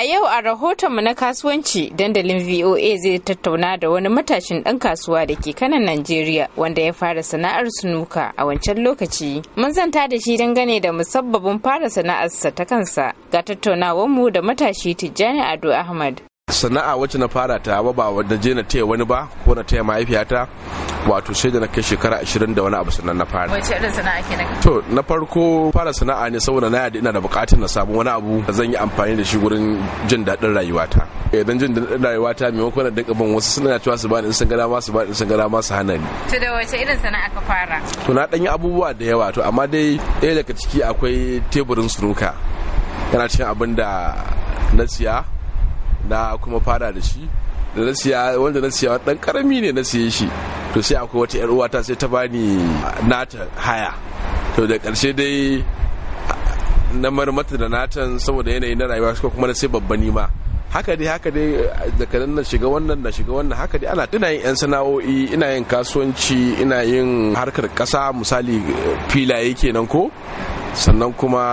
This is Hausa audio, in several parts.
A yau a rahotonmu na kasuwanci dandalin VOA zai tattauna da wani matashin ɗan kasuwa da ke kanan Najeriya wanda ya fara sana'ar sunuka a wancan lokaci. Mun zanta da shi dangane da musabbabin fara sana'arsa ta kansa ga tattaunawarmu da matashi Tijjani Ado Ahmad. sana'a wacce na fara ta ba ba je na taya wani ba ko na taya mahaifiyata wato sai da na kai shekara ashirin da wani abu sannan na fara wace irin sana'a ke na to na farko fara sana'a ne saboda na yadda ina da bukatun na samu wani abu da zan yi amfani da shi gurin jin daɗin rayuwata idan eh, jin daɗin rayuwata maimakon na dinka ban wasu suna cewa su bani ni sun gada ma su bani ni sun gada ma su hana ni to da wace irin sana'a ka fara to na ɗan yi abubuwa da yawa to amma dai ɗaya daga ciki akwai teburin suruka yana cikin abin da na siya na kuma fara da shi da na siya wanda na siya dan karami ne na siya shi to sai akwai wata yar uwata sai ta bani nata haya to da karshe dai na marmata da natan saboda yanayi na rayuwa kuma na sai babba nima haka dai haka dai daga nan na shiga wannan na shiga wannan haka dai ana ina yin yan sana'o'i ina yin kasuwanci ina yin harkar kasa misali filaye kenan ko sannan kuma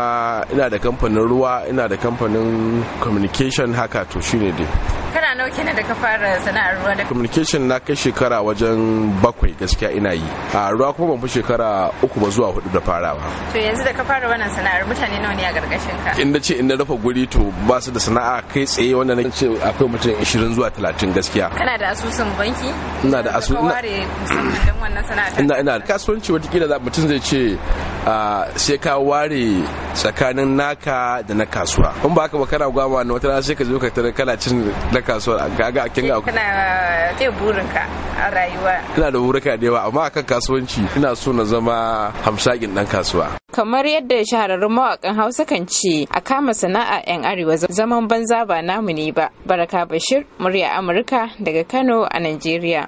ina da kamfanin ruwa ina da kamfanin communication haka to shine dai kana nawa kenan da ka fara sana'ar ruwa da communication na kai shekara wajen bakwai gaskiya ina yi a ruwa kuma ban fi shekara uku ba zuwa hudu da farawa to yanzu da ka fara wannan sana'ar mutane nawa ne a gargashin ka inda ce inda dafa guri to ba su da sana'a kai tsaye wanda na ce akwai mutum 20 zuwa 30 gaskiya kana da asusun banki ina da asusun ina ina kasuwanci wata kila mutum zai ce sai ka ware tsakanin naka da na kasuwa kun ba ka bakara kana na wata rana sai ka zo ka tare kala cin na kasuwa ga ga kin ga eh, kana te eh, burinka a rayuwa kana da burika da yawa amma akan kasuwanci ina so na zama hamsakin ɗan kasuwa kamar yadda shahararrun mawakan hausa kan ce a kama sana'a 'yan arewa zaman banza ba namu ne ba baraka bashir murya amurka daga kano a najeriya